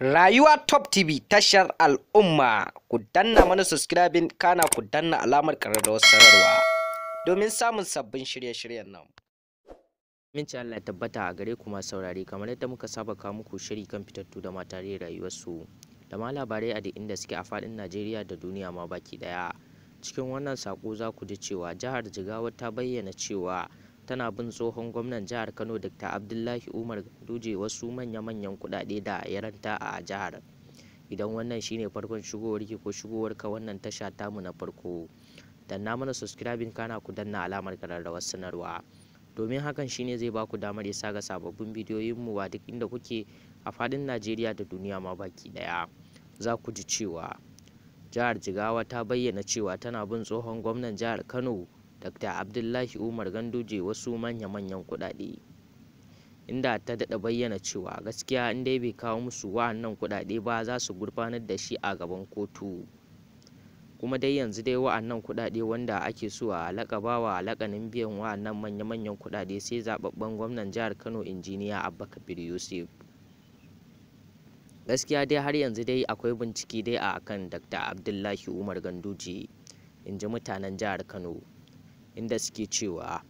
Rayuwa Top TV tashar al'umma ku danna mana subscribing kana ku danna alamar da sanarwa domin samun sabbin shirye-shiryen nan. Minci Allah tabbata a gare ku ma saurare kamar yadda muka saba ka muku shiri kan fitattu da mata rayuwarsu da ma labarai a duk inda suke a faɗin Najeriya da duniya ma baki ɗaya. Cikin wannan sako za ku ji cewa jihar Jigawa ta bayyana cewa tana bin tsohon gwamnan jihar kano dr abdullahi umar duje wasu manya-manyan kudade da ya ranta a jihar idan wannan shine farkon shigowar ki ko shigowar ka wannan tasha tamu na farko danna mana subscribing kana ku danna alamar kararrawar sanarwa domin hakan shine zai ba ku damar isa ga sababbin bidiyoyin mu a duk inda kuke a fadin Najeriya da duniya ma baki daya za ku ji cewa jihar Jigawa ta bayyana cewa tana bin tsohon gwamnan jihar Kano dr abdullahi umar ganduje wasu manya-manyan kuɗaɗe inda ta dada bayyana cewa gaskiya in dai bai kawo musu wa'annan kuɗaɗe ba za su gurfanar da shi a gaban kotu kuma dai yanzu dai wa'annan kuɗaɗe wanda ake so a lakabawa lakanin biyan wa'annan manya-manyan kuɗaɗe sai zaɓaɓɓen gwamnan jihar kano injiniya abba kabir yusuf gaskiya dai har yanzu dai akwai bincike dai a kan dr abdullahi umar ganduje in ji mutanen jihar kano inda suke cewa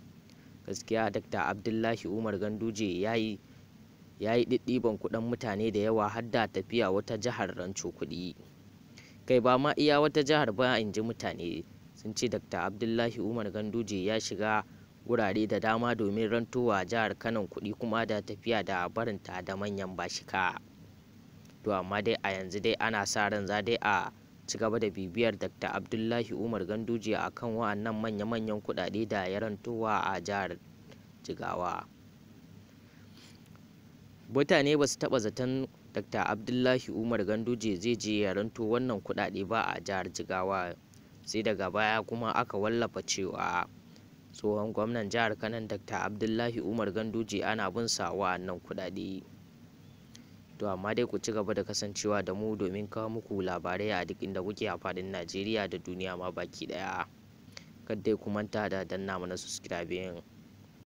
gaskiya Dr. abdullahi umar ganduje ya yi ɗiɗɗiban kuɗin mutane da yawa har da tafiya wata jihar ranco kuɗi kai ba ma iya wata jihar ba in ji mutane sun ce Dr. abdullahi umar ganduje ya shiga wurare da dama domin rantowa jihar kanan kuɗi kuma da tafiya da barinta da manyan bashika to amma dai a yanzu dai ana sa ran za dai a ci gaba da bibiyar Dr. Abdullahi Umar Ganduje a kan wa'annan manya-manyan kudade da ya rantowa a jihar Jigawa. Mutane ba su taba zaton Dr. Abdullahi Umar Ganduje zai je ya ranto wannan kudade ba a jihar Jigawa sai daga baya kuma aka wallafa cewa tsohon gwamnan jihar Kanan Dr. Abdullahi Umar Ganduje ana bin sa wa'annan kudade. to amma dai ku ci gaba da kasancewa da mu domin kawo muku labarai a duk inda kuke a fadin najeriya da duniya ma baki ɗaya kada ku manta da danna mana subscribing